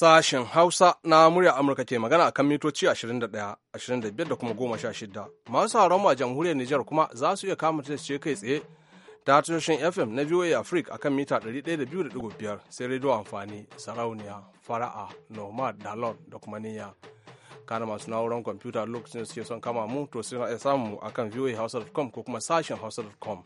sashen Hausa na murya Amurka ke magana a kan mitoci 21, 25 da kuma 16. Masu haron a jamhuriyar Nijar kuma za su iya kama ta ce kai tsaye ta tashoshin FM na VOA Africa a kan mita 102.5 sai rediyo amfani, sarauniya, fara'a, nomad, dalot da kuma niyya. Kana masu na'urar kwamfuta lokacin da suke son kama mu to suna iya samu a kan voahausa.com ko kuma sashen hausa.com.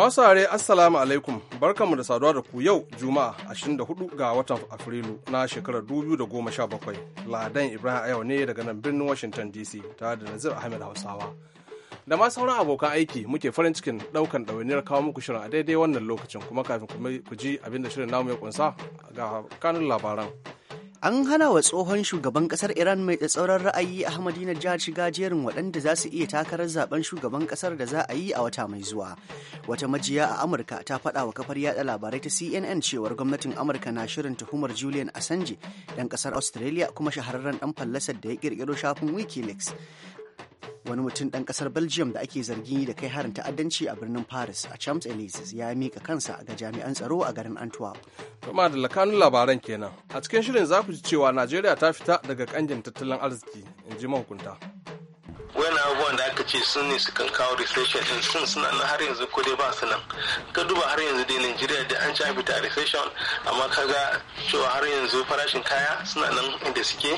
Masu are Assalamu alaikum barkanmu da saduwa da ku yau Juma'a 24 ga watan Afrilu na shekarar 2017 Ladan Ibrahim Ayo ne daga nan birnin Washington DC tare da Nazir Ahmed Hausawa. Da masu sauran abokan aiki muke farin cikin daukan ɗawainiyar kawo muku shirin a daidai wannan lokacin kuma kafin ku ji abin da shirin namu ya kunsa ga kanun labaran. an hana wa tsohon shugaban kasar iran mai tsatsauran ra'ayi jihar shiga jerin waɗanda za su iya takarar zaben shugaban kasar da za a yi a wata mai zuwa wata majiya a amurka ta faɗa wa kafar yada labarai ta cnn cewar gwamnatin amurka na shirin tuhumar julian assange ɗan kasar australia kuma shahararren ɗan fallasar da ya kirkiro shafin wikileaks wani mutum ɗan ƙasar belgium da ake zargi da kai harin ta'addanci a birnin paris a champs elysees ya mika kansa ga jami'an tsaro a garin antwerp kuma da lakanun labaran kenan a cikin shirin za ku ji cewa najeriya ta fita daga kanjin tattalin arziki in ji mahukunta wani abubuwan da aka ce sun ne sukan kawo recession din sun suna nan har yanzu ko dai ba su nan ka duba har yanzu dai Najeriya da an ci fita recession amma kaga cewa har yanzu farashin kaya suna nan inda suke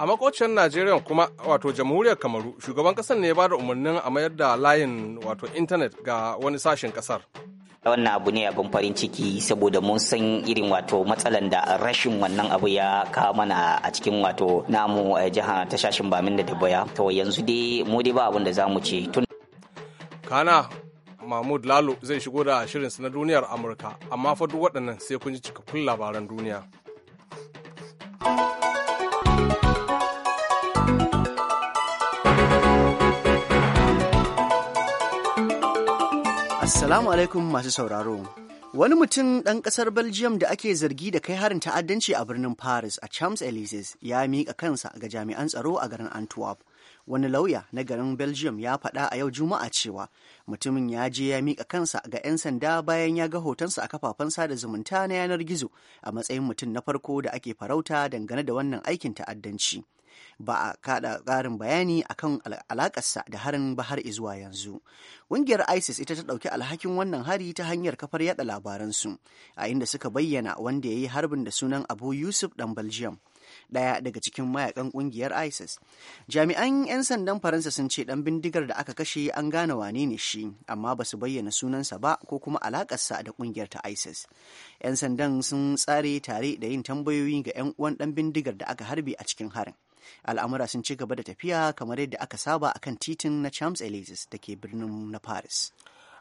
a makocin najeriya kuma wato jamhuriyar kamaru shugaban kasar ne ya ba da umarnin a mayar da layin wato intanet ga wani sashen kasar wannan abu ne abin farin ciki saboda mun san irin wato matsalan da rashin wannan abu ya kawo mana a cikin wato namu eh, jihar shashin bamin da dabaya to yanzu dai mu dai ba abin da zamu ce tun kana mahmud lalo zai shigo da shirinsa na duniyar amurka amma fa duk waɗannan sai kun ji cikakkun labaran duniya Assalamu alaikum masu sauraro. Wani mutum ɗan ƙasar Belgium da ake zargi da kai harin ta'addanci a birnin Paris a Champs Elysees ya miƙa kansa ga jami'an tsaro a garin Antwerp. Wani lauya na garin Belgium ya faɗa a yau Juma'a cewa mutumin ya je ya miƙa kansa ga 'yan sanda bayan ya ga hotonsa a kafafen sada zumunta na yanar gizo a matsayin mutum na farko da ake farauta dangane da wannan aikin ta'addanci. ba a kada ƙarin bayani akan alakarsa da harin bahar har zuwa yanzu. Ƙungiyar ISIS ita ta ɗauki alhakin wannan hari ta hanyar kafar yada labaransu, a inda suka bayyana wanda ya yi harbin da sunan Abu Yusuf ɗan Belgium. Ɗaya daga cikin mayakan ƙungiyar isis jami'an 'yan sandan faransa sun ce ɗan bindigar da aka kashe an gane wane ne shi amma ba su bayyana sunansa ba ko kuma alakarsa da ƙungiyar ta isis 'yan sandan sun tsare tare da yin tambayoyi ga 'yan uwan ɗan bindigar da aka harbe a cikin harin al'amura sun ci gaba da tafiya kamar yadda aka saba a kan titin na champs elysees da ke birnin na paris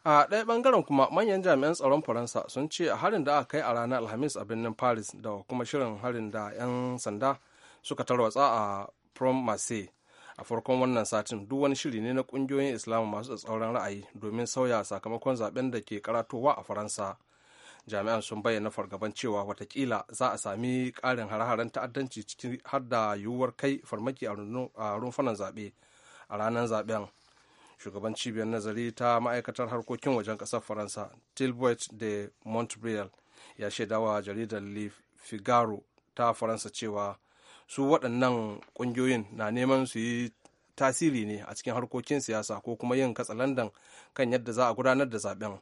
a ɗaya bangaren kuma manyan jami'an tsaron faransa sun ce harin da aka kai a ranar alhamis a birnin paris da kuma shirin harin da 'yan sanda suka tarwatsa a prom marseille a farkon wannan satin duk wani shiri ne na ƙungiyoyin islamu masu tsatsauran ra'ayi domin sauya sakamakon zaben da ke karatowa a faransa jami'an sun bayyana fargaban cewa watakila za a sami ƙarin hare-haren ta'addanci cikin har da yiwuwar kai farmaki a rumfunan zaɓe a ranar zaɓen shugaban cibiyar nazari ta ma'aikatar harkokin wajen ƙasar faransa tilbert de montreal ya shaidawa jaridar le figaro ta faransa cewa su waɗannan ƙungiyoyin na neman su yi tasiri ne a cikin harkokin siyasa ko kuma yin katsalandan kan yadda za a gudanar da zaɓen.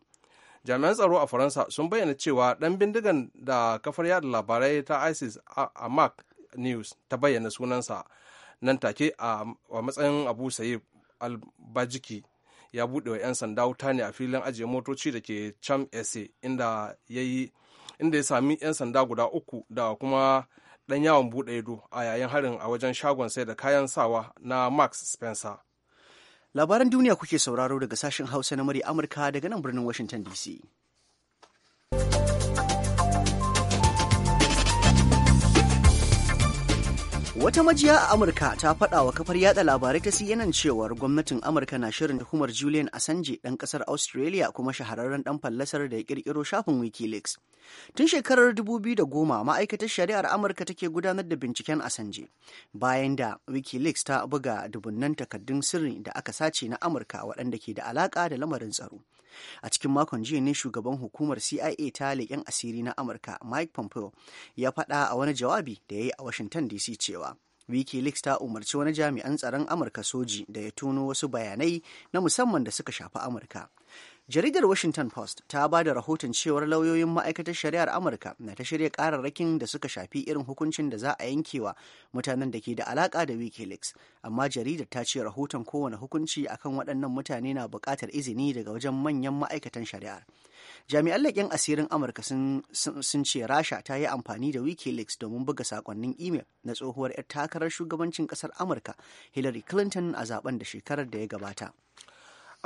jami'an tsaro a faransa sun bayyana cewa dan bindigan da kafar yada labarai ta isis a mark news ta bayyana sunansa nan take a matsayin abu sai albajiki ya buɗewa wa 'yan sanda wuta ne a filin ajiye motoci da ke cham ese inda ya sami 'yan sanda guda uku da kuma dan yawon buɗe ido a yayin harin a wajen shagon sai da kayan sawa na max spencer labaran duniya kuke sauraro daga sashen hausa na murya amurka daga nan birnin washington dc Wata majiya a Amurka ta faɗa wa kafar yada labarai ta CNN cewar gwamnatin Amurka na shirin tuhumar Julian Assange ɗan ƙasar Australia kuma shahararren ɗan fallasar da ya ƙirƙiro shafin Wikileaks. Tun shekarar 2010 ma'aikatar shari'ar Amurka take gudanar da binciken Assange bayan da Wikileaks ta buga dubunnan takardun sirri da aka sace na Amurka waɗanda ke da alaƙa da lamarin tsaro. a cikin makon jiya ne shugaban hukumar cia ta leƙen asiri na amurka mike pompeo ya faɗa a wani jawabi da ya yi a washington dc cewa wikileaks ta umarci wani jami'an tsaron amurka soji da ya tuno wasu bayanai na musamman da suka shafi amurka jaridar washington post ta ba da rahoton cewar lauyoyin ma'aikatar shari'ar amurka na ta shirya kararrakin da suka shafi irin hukuncin da za a yankewa mutanen da ke da alaka da wikileaks amma jaridar ta ce rahoton kowane hukunci akan waɗannan mutane na buƙatar izini daga wajen manyan ma'aikatan shari'ar jami'an laƙin asirin amurka sun ce rasha ta yi amfani da wikileaks domin buga sakonnin imel na tsohuwar 'yar takarar shugabancin ƙasar amurka hillary clinton a zaben da shekarar da ya gabata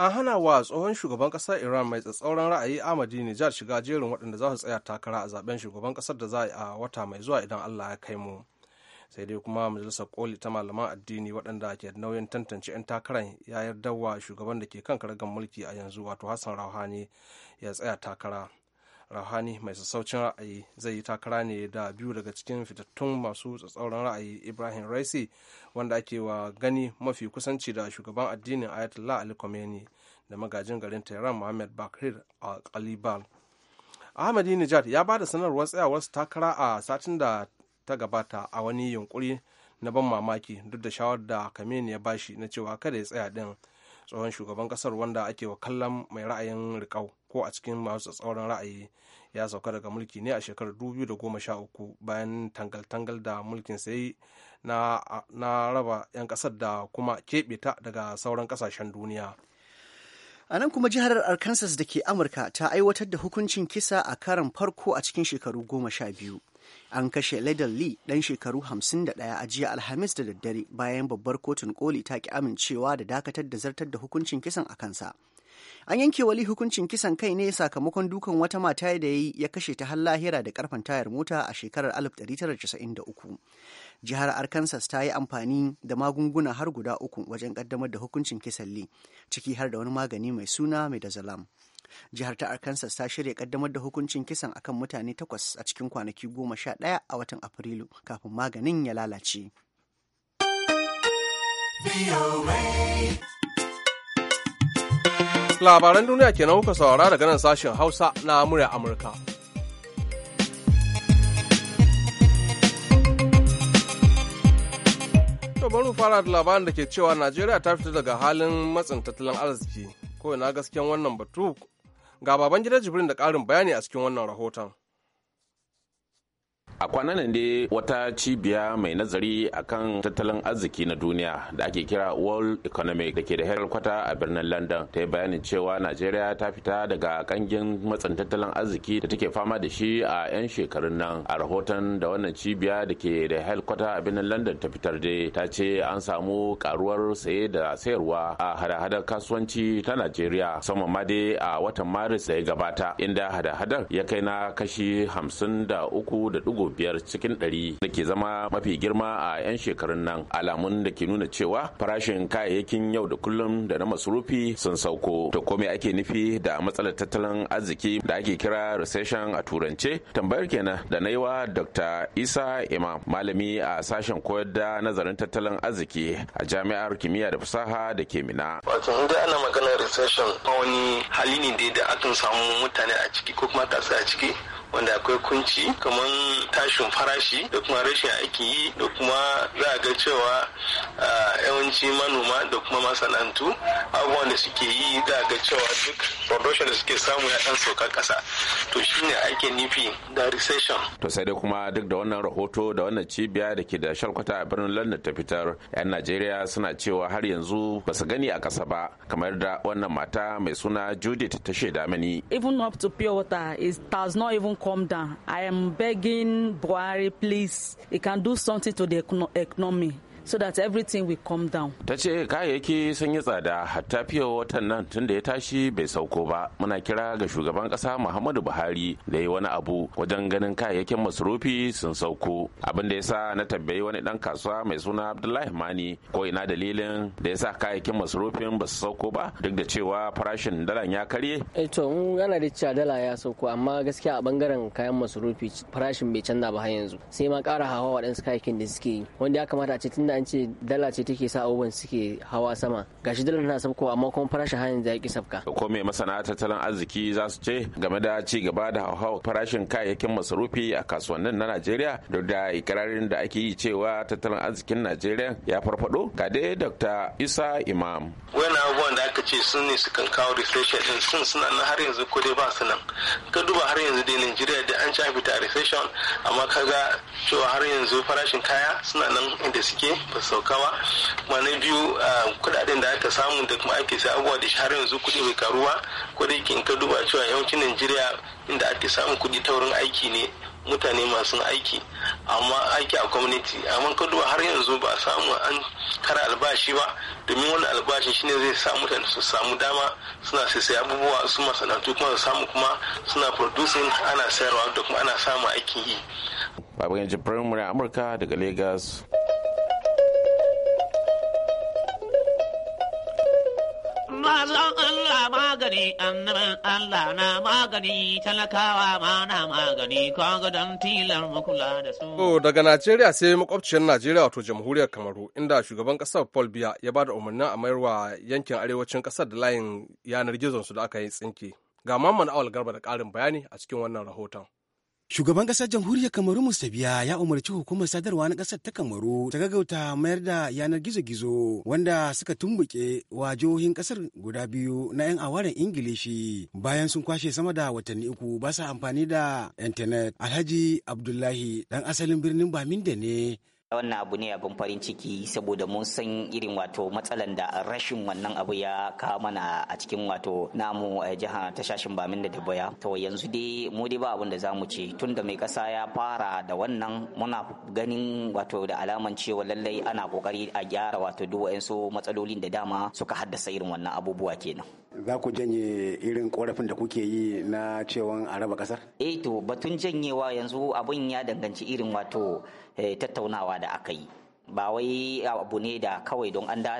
an hana wa tsohon shugaban ƙasar iran mai tsatsauran ra'ayi ahmadi nijar shiga jerin waɗanda za su tsaya takara a zaben shugaban ƙasar da za a yi a wata mai zuwa idan allah ya kai mu sai dai kuma majalisar koli ta malaman addini waɗanda ke nauyin tantance 'yan takarar ya dawa wa shugaban da ke kan karagar mulki a yanzu wato hassan rauhani ya tsaya takara rahani mai sassaucin ra'ayi zai yi takara ne da biyu daga cikin fitattun masu tsatsauran ra'ayi ibrahim raisi wanda ake wa gani mafi kusanci da shugaban addinin ayatollah ali khomeini da magajin garin tehran mohammed bakir al-qalibal ahmadi nijar ya ba da sanarwar tsayawar takara a satin da ta gabata a wani yunkuri na ban mamaki duk da shawar da khomeini ya bashi na cewa kada ya tsaya din tsohon shugaban kasar wanda ake wa kallon mai ra'ayin riƙau ko a cikin masu tsauran ra'ayi ya sauka daga mulki ne a shekarar uku bayan tangal-tangal da mulkin sai na, raba 'yan kasar da kuma keɓe ta daga sauran kasashen duniya. A nan kuma jihar Arkansas da ke Amurka ta aiwatar da hukuncin kisa a karan farko a cikin shekaru goma sha biyu. An kashe ladan Lee ɗan shekaru hamsin 51 a jiya Alhamis da daddare bayan babbar kotun koli ta ki amincewa da dakatar da zartar da hukuncin kisan a kansa An yanke wali hukuncin kisan kai ne sakamakon dukan wata mata da ya yi ya kashe ta har lahira da karfan tayar mota a shekarar 1993. Jihar Arkansas ta yi amfani da magunguna har guda uku wajen kaddamar da hukuncin kisan ciki har da wani magani mai suna zalam Jihar ta Arkansas ta shirya kaddamar da hukuncin kisan akan mutane takwas a cikin kwanaki goma sha ɗaya a watan Afrilu kafin maganin ya lalace. Labaran duniya ke na kuka saurara daga nan sashen Hausa na murya Amurka. To bari mu fara da labarin da ke cewa Najeriya ta fita daga halin matsin tattalin arziki. Ko ina gaskiyan wannan batu ga baban gida Jibrin da ƙarin bayani a cikin wannan rahoton. a kwanan nan dai wata cibiya mai nazari akan tattalin arziki na duniya da ake kira world economic da ke da kwata a birnin london ta yi bayanin cewa najeriya ta fita daga kangin matsan tattalin arziki da take fama da shi a 'yan shekarun nan a rahoton da wannan cibiya da ke da kwata a birnin london ta fitar da ta ce an samu karuwar saye da sayarwa a hada-hadar kasuwanci ta najeriya sama ma dai a watan maris da ya gabata inda hada-hadar ya kai na kashi hamsin da uku da dugu biyar cikin ɗari da ke zama mafi girma a 'yan shekarun nan alamun da ke nuna cewa farashin kayayyakin yau da kullum da na masurufi sun sauko to kome ake nufi da matsalar tattalin arziki da ake kira recession a turance tambayar kenan da na yi wa dr isa imam malami a sashen koyar da nazarin tattalin arziki a jami'ar kimiyya da fasaha da ke mina wato in ana maganar recession wani hali ne da akan samu mutane a ciki ko kuma tasa a ciki wanda akwai kunci kamar tashin farashi da kuma rashin aiki yi da kuma za a ga cewa yawanci manoma da kuma masana'antu abubuwan da suke yi za a ga cewa duk production da suke samu ya dan sauka kasa to shine ake nufi da recession to sai dai kuma duk da wannan rahoto da wannan cibiya da ke da shalkwata a birnin london ta fitar yan najeriya suna cewa har yanzu ba su gani a kasa ba kamar da wannan mata mai suna judith ta shaida mani even up to pure water is does not even calm down. I am begging Buhari, please, he can do something to the economy. so that everything will come down. Ta ce kayayyaki sun yi tsada hatta fiye watan nan tun da ya tashi bai sauko ba. Muna kira ga shugaban kasa Muhammadu Buhari da yi wani abu wajen ganin kayayyakin masarufi sun sauko. Abin da ya sa na tambayi wani dan kasuwa mai suna Abdullahi Mani ko ina dalilin da ya sa kayayyakin masarufin ba su sauko ba duk da cewa farashin dalan ya karye. Eh to mu yana da cewa dala ya sauko amma gaskiya a bangaren kayan masarufi farashin bai canza ba har yanzu. Sai ma kara hawa waɗansu kayayyakin da suke yi wanda ya kamata a ce tun tunda an ce dala ce take sa abubuwan suke hawa sama gashi dala na sabko amma kuma farashin hanyar da ya ki sabka ko me masana tattalin arziki za su ce game da ci gaba da hawa farashin kayayyakin masarufi a kasuwannin na Najeriya duk da ikirarin da ake yi cewa tattalin arzikin Najeriya ya farfado ga dai Dr. Isa Imam wani abubuwan da aka ce sun ne su kan kawo recession din sun suna nan har yanzu ko dai ba su nan ka duba har yanzu dai Najeriya da an ci fita recession amma kaga cewa har yanzu farashin kaya suna nan inda suke ba sauka ba ma na biyu kudaden da aka samu da kuma ake sai abubuwa da har yanzu kudi bai karuwa ko da yake in ka duba cewa yawancin najeriya inda ake samun kudi ta wurin aiki ne mutane masu aiki amma aiki a gwamnati amma ka duba har yanzu ba samu an kara albashi ba domin wani albashin shine zai sa mutane su samu dama suna sai abubuwa su masana'antu kuma su samu kuma suna producing ana sayarwa da kuma ana samun aikin yi. Babban Jibrin Murya Amurka daga Lagos. mazan Allah magani annaban Allah na magani talakawa ma na magani kaga don tilar kula da su. daga Najeriya sai makwabciyar Najeriya wato jamhuriyar Kamaru inda shugaban kasar Paul Biya ya ba da umarnin a mayar wa yankin arewacin kasar da layin yanar gizon su da aka yi tsinke. Ga Mamman Awal Garba da ƙarin bayani a cikin wannan rahoton. Shugaban ƙasar jamhuriyar Kamaru musabiya ya umarci hukumar sadarwa na ƙasar ta Kamaru ta gaggauta mayar da yanar gizo-gizo wanda suka tumbuke wa jihohin ƙasar guda biyu na 'yan awaren Ingilishi bayan sun kwashe sama da watanni uku ba sa amfani da intanet. Alhaji Abdullahi ɗan asalin birnin Bamin da ne wannan abu ne abin farin ciki saboda mun san irin wato matsalan da rashin wannan abu ya kawo mana a cikin wato namu eh, jiha ta shashin bamin da dabaya to yanzu dai mu dai ba abin da zamu ce tun mai kasa ya fara da wannan muna ganin wato da alaman cewa lallai ana kokari a gyara wato duk wayansu matsalolin da dama suka haddasa irin wannan abubuwa kenan za ku janye irin korafin da kuke yi na cewa a raba kasar eh to batun janyewa yanzu abun ya danganci irin wato eh, tattaunawa da aka yi ba wai abu ne da kawai don an da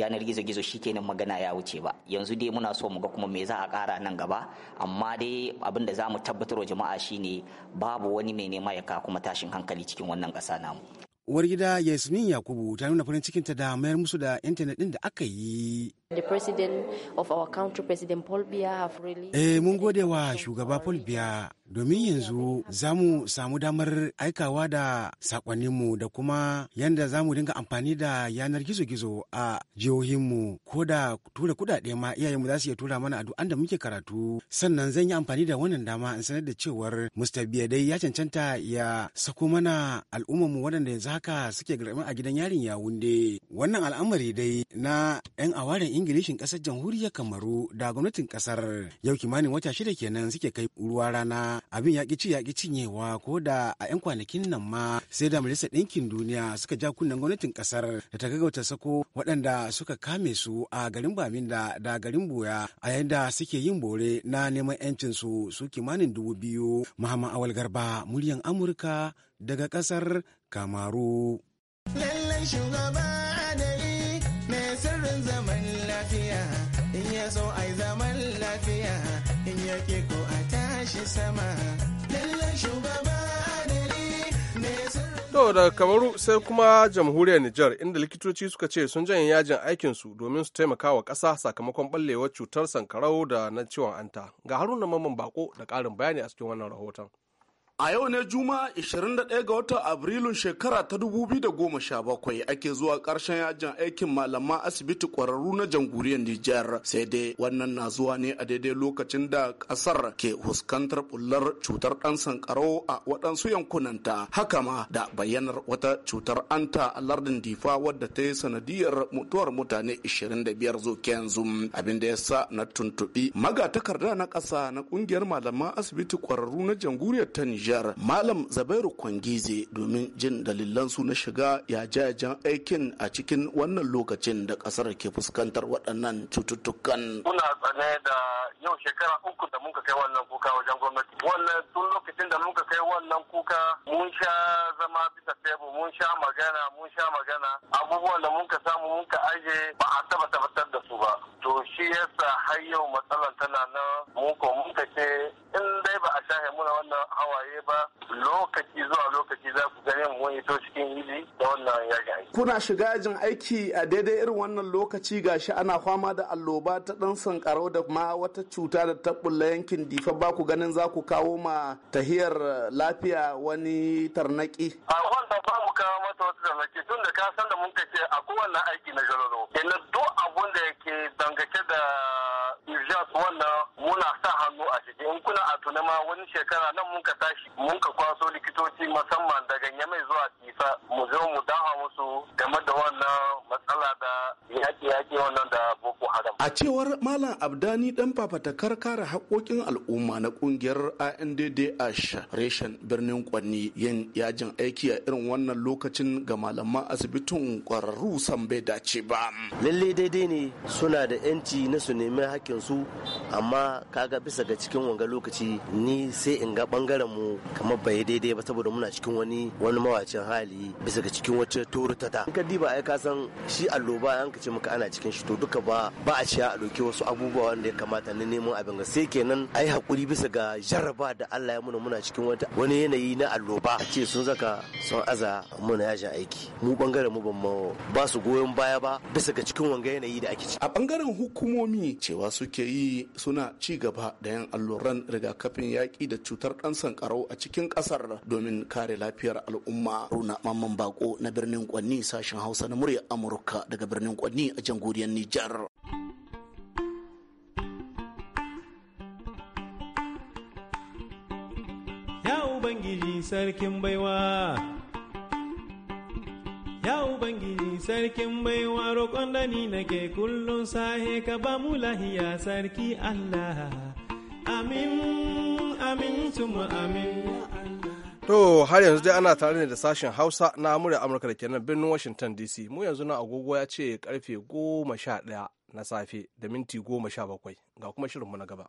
yanar gizo-gizo shi shikenan magana ya wuce ba yanzu dai muna so mu ga kuma me za a kara nan gaba amma dai abin da za mu tabbatar wa jama'a shine babu wani mai nema ya kuma tashin hankali cikin wannan ƙasa namu uwar gida yasmin yakubu ta nuna farin cikinta da mayar musu da intanet ɗin da aka yi The eh, mun gode wa shugaba Paul domin yanzu za mu samu damar aikawa da sakonninmu da kuma yadda za mu dinga amfani da yanar gizo-gizo a jihohinmu ko da tura kudade ma mu za su iya tura mana adu da muke karatu sannan zan yi amfani da wannan dama in sanar da cewar Mr. Biyadai ya cancanta ya sako mana al'ummarmu waɗanda yanzu haka suke garmin a gidan yarin yawunde wannan al'amari dai na 'yan awaren ingilishin kasar jamhuriyar kamaru da gwamnatin kasar yau kimanin wata shida kenan suke kai ruwa rana abin yaƙi ci yaƙi cinyewa ko da a 'yan kwanakin nan ma sai da majalisar ɗinkin duniya suka ja kunnen gwamnatin kasar da ta gaggauta sako waɗanda suka kame su a garin baminda da garin boya a yadda suke yin bore na neman 'yancin su su kimanin dubu biyu muhammad awal garba muryan amurka daga kasar kamaru. Lallai shugaba sama daga Kamaru sai kuma jamhuriyar Nijar inda likitoci suka ce sun janye yajin aikinsu domin su taimaka wa ƙasa sakamakon ɓallewar cutar sankarau da na ciwon anta. Ga haruna mamman bako da ƙarin bayani a cikin wannan rahoton. A yau ne Juma'a 21 ga watan Abrilun shekara ta 2017 ake zuwa ƙarshen yajin aikin malaman asibiti ƙwararru na jamhuriyar Nijar. Sai dai wannan na zuwa ne a daidai lokacin da ƙasar ke fuskantar bullar cutar ɗan sankarau a waɗansu yankunanta. Haka ma da bayyanar wata cutar anta a lardin Difa wadda ta yi sanadiyar mutuwar mutane 25 zo yanzu. Abin da ya sa na tuntuɓi magatakarda na ƙasa na ƙungiyar malaman asibiti ƙwararru na jamhuriyar ta Nijar. Nijar Malam Zabairu Kwangize domin jin dalilansu na shiga ya yajajen aikin a cikin wannan lokacin da kasar ke fuskantar waɗannan cututtukan. Muna tsane da yau shekara uku da muka kai wannan kuka wajen gwamnati. Wannan tun lokacin da muka kai wannan kuka mun sha zama bisa tebur mun sha magana mun sha magana abubuwan da muka samu muka aje ba a taba tabbatar da su ba. To shi yasa har yau matsalar tana nan mun ko muka ce in dai ba a shahe muna wannan hawaye ne ba lokaci zuwa lokaci za ku gane mu wani cikin yi da wannan Kuna shiga yajin aiki a daidai irin wannan lokaci gashi ana fama da alloba ta dan sankarau da ma wata cuta da ta bulla yankin difa ba ku ganin za ku kawo ma tahiyar lafiya wani tarnaki. A wanda ba mu kawo mata wata tarnaki tun da ka san da mun kace a kowanne aiki na jalolo. Kenan duk abun da yake dangace da su wannan muna sa hannu a ciki in kuna a tuna ma wani shekara nan mun ka tashi mun kwaso likitoci musamman daga yamai zuwa isa mu zo mu dawo musu game da wannan matsala da yaƙi-yaƙi wannan da boko haram. a cewar malam abdani dan fafatakar kare haƙoƙin al'umma na ƙungiyar indd ash reshen birnin kwanni yin yajin aiki a irin wannan lokacin ga malaman asibitin kwararru san bai dace ba. lalle daidai ne suna da yanci na su nemi hakkin su amma kaga bisa ga cikin wanga lokaci ni sai in ga bangaren mu kamar bai daidai ba saboda muna cikin wani wani mawacin hali bisa ga cikin wata turutata ta. ka diba ai ka san shi alloba an ka ce maka ana cikin shi to duka ba ba a ciya a dauki wasu abubuwa wanda ya kamata na neman abin ga sai kenan ai hakuri bisa ga jarraba da Allah ya muna muna cikin wata wani yanayi na alloba a ce sun zaka sun aza muna yajin aiki mu bangaren mu ban ba su goyon baya ba bisa ga cikin wanga yanayi da ake ci a bangaren hukumomi cewa suke yi yi suna ci gaba da yan alluran rigakafin yaƙi da cutar ɗan sankarau a cikin ƙasar domin kare lafiyar al'umma runa mamman bako na birnin kwanni sashen hausa na murya amurka daga birnin kwanni a jamhuriyar nijar ya ubangiji sarkin baiwa Ya Ubangiji sarkin baiwa roƙon da ni nake kullum sahe ka ba mu lahiya sarki Allah. Amin, amin, tuma amin. To har yanzu dai ana tare ne da sashen Hausa na murya Amurka da ke nan birnin Washington DC. Mu yanzu na agogo ya ce karfe goma sha ɗaya na safe da minti goma sha bakwai ga kuma shirin mu na gaba.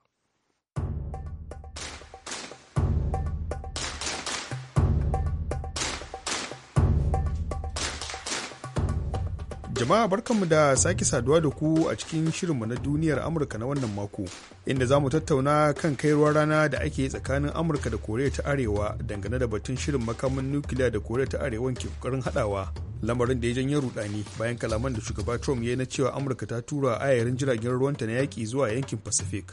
Jama'a barkanmu da sake saduwa da ku a cikin shirinmu na duniyar Amurka na wannan mako, inda za mu tattauna kan kairuwar rana da ake yi tsakanin Amurka da Koriya ta Arewa dangane da batun shirin makamin nukiliya da Koriya ta Arewa ke kokarin haɗawa, lamarin da ya janyo rudani bayan kalaman da shugaba Trump ya yi na cewa Amurka ta tura ayarin jiragen ruwanta na yaki zuwa yankin Pacific.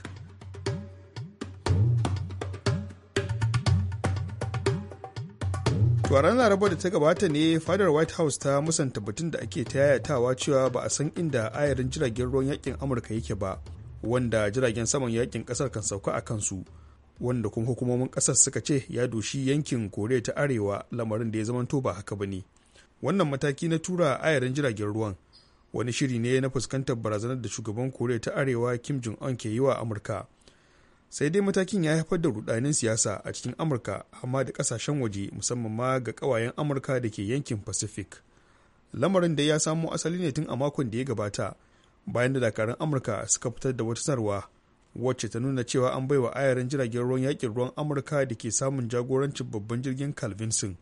To a ranar Laraba da ta gabata ne fadar White House ta musanta batun da ake ta yayatawa cewa ba a san inda ayarin jiragen ruwan yakin Amurka yake ba, wanda jiragen saman yakin kasar kan sauka a kansu, wanda kuma hukumomin kasar suka ce ya doshi yankin Koriya ta Arewa lamarin da ya zamanto ba haka ba ne. Wannan mataki na tura ayarin jiragen ruwan wani shiri ne na fuskantar barazanar da shugaban Koriya ta Arewa Kim Jong-un ke yi wa Amurka. sai dai matakin ya haifar da rudanin siyasa a cikin amurka amma da kasashen waje musamman ma ga kawayen amurka da ke yankin pacific lamarin da ya samo asali ne tun a makon da ya gabata bayan da dakarun amurka suka fitar da wata sanarwa wacce ta nuna cewa an baiwa ayaran jiragen ruwan yakin ruwan amurka da ke samun jagorancin babban jirgin calvinson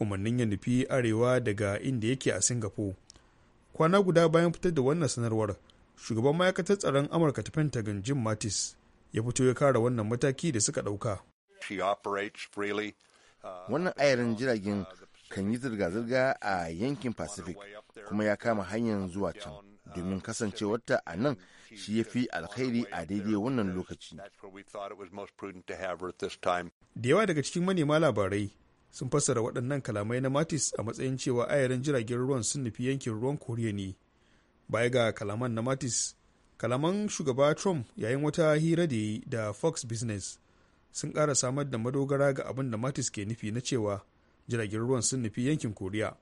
umarnin ya nufi arewa daga inda yake a singapore kwana guda bayan fitar da wannan sanarwar shugaban ma'aikatar tsaron amurka ta pentagon jim mattis ya fito ya kara wannan mataki da suka ɗauka. Uh, wannan ayarin jiragen kan yi zirga-zirga a yankin Pacific kuma ya kama hanyar zuwa can. domin kasancewarta a nan shi ya fi alkhairi a daidai wannan lokaci. Da yawa daga cikin manema labarai sun fassara waɗannan kalamai na Matis a matsayin cewa ayarin jiragen ruwan sun nufi yankin ruwan Koriya ne. Baya ga kalaman na Matis, kalaman shugaba trump yayin wata hira da yi da fox business sun kara samar da madogara ga abin da matis ke nufi na cewa jiragen ruwan sun nufi yankin koriya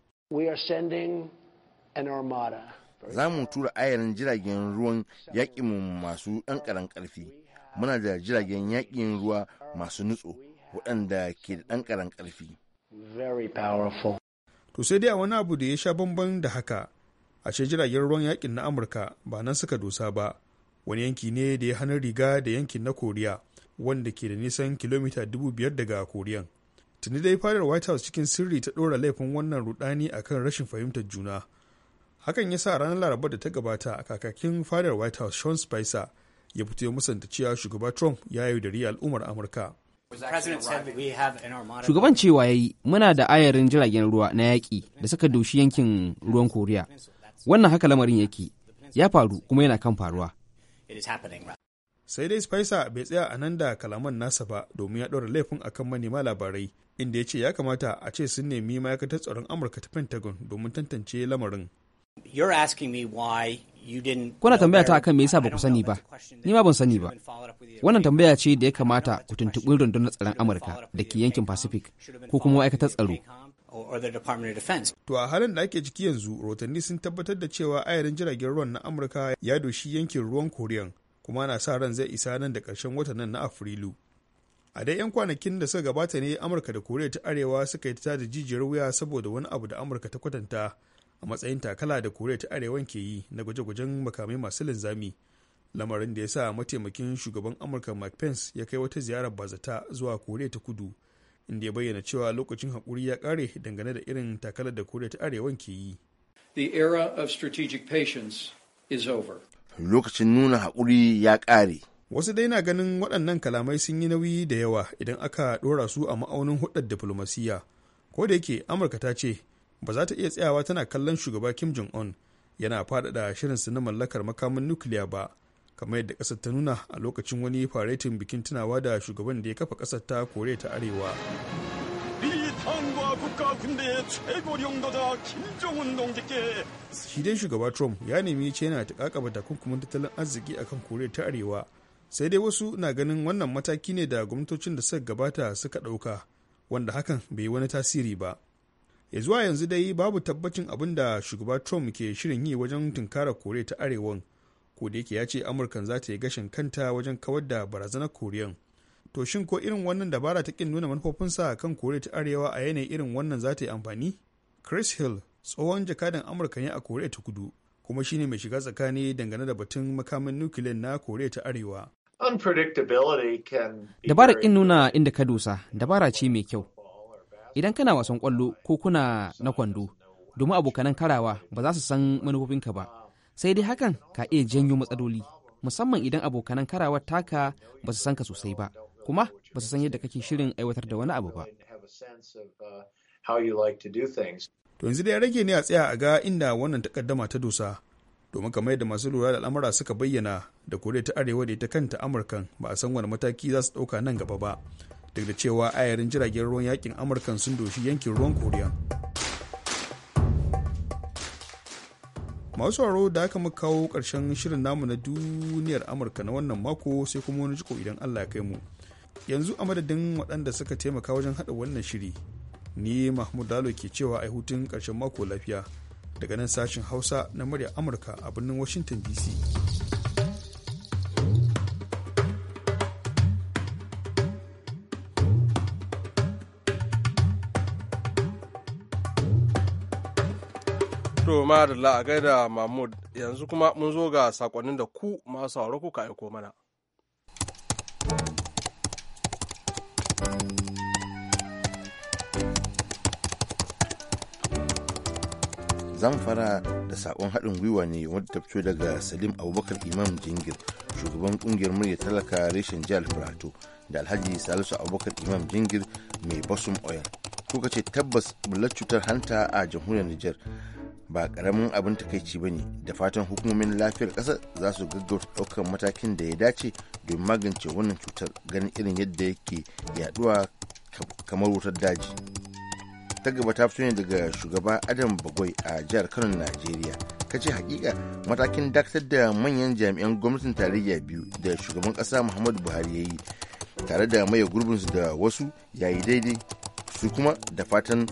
za mu tura ayarin jiragen ruwan yaƙinmu masu ɗan ƙaran ƙarfi muna da jiragen yaƙin ruwa masu nutso waɗanda ke da ɗan ƙaran ƙarfi to sai dai a wani abu da ya sha bamban da haka ashe jiragen ruwan yakin na amurka ba nan suka dosa ba wani yanki ne da ya hana riga da yankin na koriya wanda ke da nisan kilomita 5,000 daga koriyan tuni dai fadar white house cikin sirri ta ɗora laifin wannan rudani akan rashin fahimtar juna hakan ya sa ranar laraba da ta gabata a kakakin fadar white house sean spicer ya fito ya musanta cewa shugaba trump ya yi yaudari al'ummar amurka shugaban cewa ya yi muna da ayarin jiragen ruwa na yaƙi da suka doshi yankin ruwan koriya wannan haka lamarin yake ya faru kuma yana kan faruwa sai dai spicer bai tsaya a nan da kalaman nasa ba domin ya ɗora laifin akan manema labarai inda ya ce ya kamata a ce sun nemi ma'aikatar tsaron amurka ta pentagon domin tantance lamarin Kuna tambaya ta akan me yasa ba ku sani ba, ni ma ban sani ba. Wannan tambaya ce da ya kamata ku tuntuɓi rundunar tsaron Amurka da ke yankin Pacific ko kuma ma'aikatar tsaro or the Department of Defense. To a halin da ake ciki yanzu, rotanni sun tabbatar da cewa ayarin jiragen ruwan na Amurka ya doshi yankin ruwan koreyan kuma na sa ran zai isa nan da ƙarshen watan nan na Afrilu. A dai 'yan kwanakin da suka gabata ne Amurka da Koriya ta Arewa suka yi ta da jijiyar wuya saboda wani abu da Amurka ta kwatanta a matsayin takala da Koriya ta Arewan ke yi na gwaje-gwajen makamai masu linzami. Lamarin da ya sa mataimakin shugaban Amurka Mike Pence ya kai wata ziyarar bazata zuwa Koriya ta Kudu. inda ya bayyana cewa lokacin haƙuri ya ƙare dangane da irin takalar da koriya ta arewan ke yi the era of strategic patience is over lokacin nuna haƙuri ya ƙare wasu dai na ganin waɗannan kalamai sun yi nauyi da yawa idan aka ɗora su a ma'aunin hudar diflomasiyya ko da yake amurka ta ce ba za ta iya tsayawa tana kallon shugaba kim jong un yana faɗaɗa shirin su na mallakar makamin nukiliya ba kamar yadda kasar ta nuna a lokacin wani faretin bikin tunawa da shugaban da ya kafa kasar ta koriya ta arewa shi dai shugaba trump ya nemi china ta kakaba takunkumin tattalin arziki akan korea ta arewa sai dai wasu na ganin wannan mataki ne da gwamnatocin da suka gabata suka ɗauka wanda hakan bai wani tasiri ba ya zuwa yanzu dai babu tabbacin abin da shugaba trump ke shirin yi wajen tunkara korea ta arewan ko yake ya ce amurkan za ta yi gashin kanta wajen kawar da barazanar koriyan to shin ko irin wannan dabara ta kin nuna manufofinsa kan koriya ta arewa a yanayi irin wannan za ta yi amfani chris hill tsohon jakadan amurka ne a koriya ta kudu kuma shine mai shiga tsakani dangane da batun makamin nukiliyan na koriya ta arewa dabara kin nuna inda ka dosa dabara ce mai kyau idan kana wasan kwallo ko kuna na kwando domin abokanan karawa ba za su san manufofinka ba sai dai hakan ka iya janyo matsaloli musamman idan abokanan karawar taka ba su san ka sosai ba kuma ba su san yadda kake shirin aiwatar da wani abu ba to yanzu da ya rage ne a tsaya a ga inda wannan takaddama ta dosa domin kamar yadda masu lura da al'amura suka bayyana da koriya ta arewa da ita kanta amurkan ba a san wani mataki za su ɗauka nan gaba ba duk da cewa ayarin jiragen ruwan yakin amurkan sun doshi yankin ruwan koriya masu sauraro da aka muka kawo ƙarshen shirin namu na duniyar amurka na wannan mako sai kuma wani jiko idan allah ya kai mu yanzu a madadin waɗanda suka taimaka wajen haɗa wannan shiri ni mahmud dalo ke cewa a hutun ƙarshen mako lafiya daga nan sashen hausa na murya amurka a birnin washington dc To ma a gaida Mahmud yanzu kuma mun zo ga sakonnin da ku masu sauraro ka aiko mana. zan fara da sakon haɗin gwiwa ne wanda ta fito daga salim abubakar imam jingir shugaban kungiyar murya talaka reshen jihar Plateau da alhaji salisu abubakar imam jingir mai basum oil kuka ce tabbas bullar cutar hanta a jamhuriyar niger ba karamin abin takaici ba ne da fatan hukumomin lafiyar ƙasa za su gaggauta ɗaukar matakin da ya dace domin magance wannan cutar ganin irin yadda yake yaduwa kamar wutar daji ta gaba ta fito ne daga shugaba adam bagwai a jihar kano najeriya kace ce hakika matakin dakatar da manyan jami'an gwamnatin tarayya biyu da shugaban ƙasa muhammadu buhari ya yi tare da maye gurbinsu da wasu yayi daidai su kuma da fatan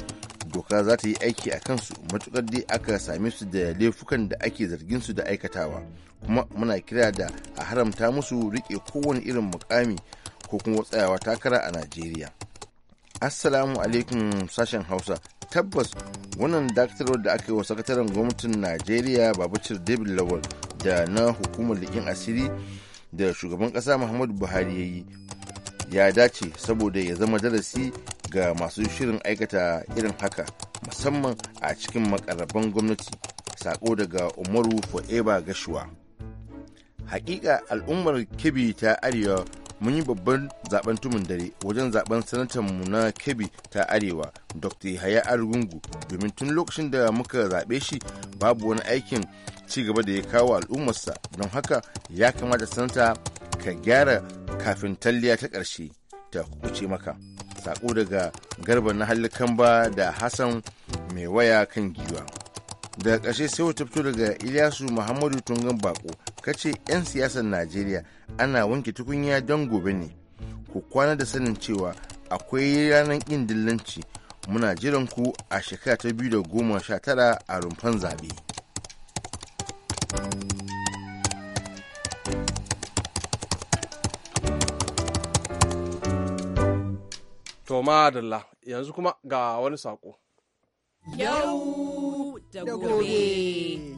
doka za ta yi aiki a kansu matukar dai aka same su da laifukan da ake zargin su da aikatawa kuma muna kira da a haramta musu rike kowane irin mukami ko kuma tsayawa takara a najeriya assalamu alaikum sashen hausa tabbas wannan dakatarwar da aka yi wa sakataren gwamnatin najeriya babacir david lawal da na hukumar likin asiri da shugaban kasa muhammadu buhari ya yi ya dace saboda ya zama darasi ga masu shirin aikata irin haka musamman a cikin makarraban gwamnati sako daga umaru forever gashuwa hakika al'ummar kebi ta arewa mun yi babban zaben tumin dare wajen zaben sanatanmu na kebi ta arewa dr haya argungu domin tun lokacin da muka zaɓe shi babu wani aikin ci gaba da ya kawo al'ummarsa don haka ya kamata sanata ka gyara kafin talliya ta ƙarshe ta kuce maka sako daga garba na hallikan ba da hassan mai waya kan giwa daga ƙarshe sai wata fito daga ilyasu muhammadu tungan bako kace 'yan siyasar najeriya ana wanke tukunya don gobe ne ku kwana da sanin cewa akwai ranar yin dillanci muna jiran ku a shekara ta biyu da goma sha tara a rumfan zaɓe. To madalla yanzu kuma ga wani saƙo. Yau da gobe.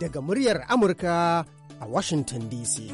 Daga muryar Amurka a Washington DC.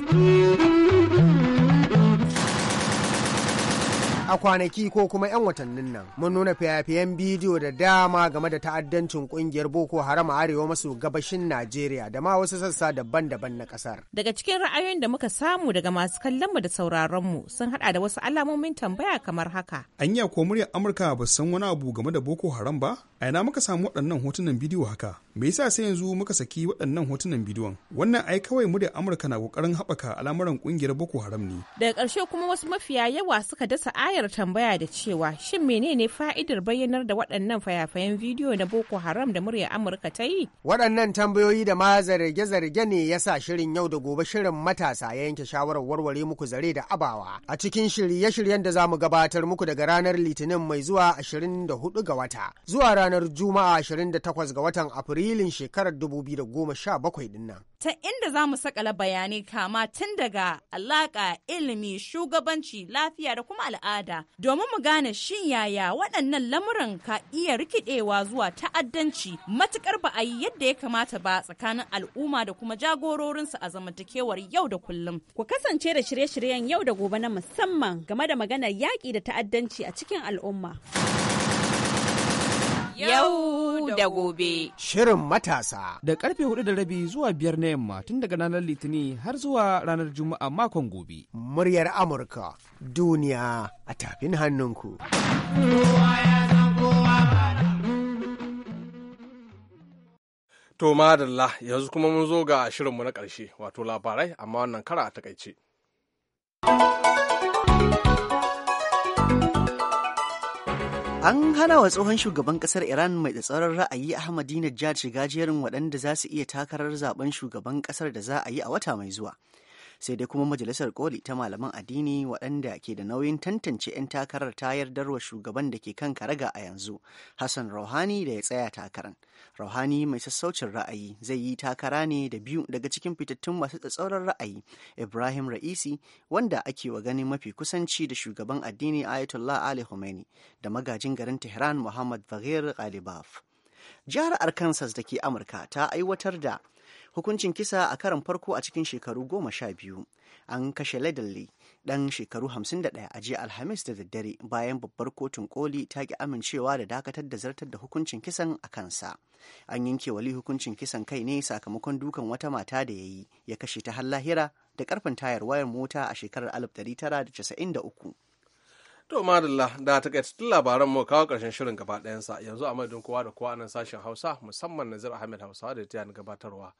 a kwanaki ko kuma 'yan watannin nan mun nuna fiyafiyen bidiyo da dama game da ta'addancin kungiyar boko haram a arewa maso gabashin najeriya da ma wasu sassa daban-daban na kasar daga cikin ra'ayoyin da muka samu daga masu kallon mu da sauraron mu, sun hada da wasu alamomin tambaya kamar haka anya ko muryar amurka ba san wani abu game da boko haram ba a ina muka samu waɗannan hotunan bidiyo haka me yasa sai yanzu muka saki waɗannan hotunan bidiyon wannan ai kawai muryar amurka na kokarin haɓaka al'amuran kungiyar boko haram ne daga ƙarshe kuma wasu mafiya yawa suka dasa ayar hanyar tambaya da cewa shin menene fa'idar bayyanar da waɗannan fayafayen bidiyo na Boko Haram da murya Amurka ta yi? Waɗannan tambayoyi da ma zarge-zarge ne ya sa shirin yau da gobe shirin matasa ya yanke shawarar warware muku zare da abawa. A cikin shirye-shiryen da za mu gabatar muku daga ranar Litinin mai zuwa 24 ga wata zuwa ranar Juma'a 28 ga watan Afrilun shekarar 2017 din nan. ta inda za mu sakala bayanai kama tun daga alaƙa ilimi shugabanci lafiya da kuma al'ada domin mu gane shin yaya waɗannan lamuran ka iya rikidewa zuwa ta'addanci matukar ba a yi yadda ya kamata ba tsakanin al'umma da kuma jagororinsu a zamantakewar yau da kullum ku kasance da shirye-shiryen yau da gobe na musamman game da maganar yaƙi da ta'addanci a cikin al'umma. yau da gobe. Shirin matasa. Da karfe hudu da rabi zuwa biyar na yamma tun daga ranar Litini har zuwa ranar Juma'a makon gobe. Muryar Amurka duniya a tafin hannunku. To madalla yanzu kuma mun zo ga shirinmu na ƙarshe wato labarai amma wannan kara a takaice. An hana wa tsohon shugaban kasar Iran mai tsaron ra'ayi Ahmadinejad shiga jerin waɗanda za su iya takarar zaben shugaban kasar da za a yi a wata mai zuwa. sai dai kuma majalisar koli ta malaman addini waɗanda ke da nauyin tantance 'yan takarar ta darwa shugaban da ke kan karaga a yanzu hassan rauhani da ya tsaya takaran rauhani mai sassaucin ra'ayi zai yi takara ne da biyu daga cikin fitattun masu tsatsauran ra'ayi ibrahim ra'isi wanda ake wa ganin mafi kusanci da shugaban addini ayatollah ali khomeini da magajin garin tehran muhammad bagheer ghalibaf jihar arkansas da ke amurka ta aiwatar da hukuncin kisa a karan farko a cikin shekaru goma sha biyu an kashe ladalli dan shekaru hamsin 51 a jiya alhamis da daddare bayan babbar kotun koli ta ki amincewa da dakatar da zartar da hukuncin kisan a kansa an yanke wali hukuncin kisan kai ne sakamakon dukan wata mata da ya yi ya kashe ta har lahira da karfin tayar wayar mota a shekarar 1993 To madalla da ta kai tun labaran mu kawo karshen shirin gaba ɗayansa yanzu a madadin kowa da kowa nan sashen Hausa musamman Nazir Ahmed Hausa da ta gabatarwa.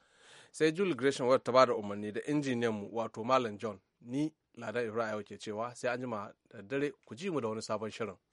sai julie gresham wadda ta ba da umarni da injiniyan mu wato malam john ni ladar ibrahim ke cewa sai an jima da dare ku ji mu da wani sabon shirin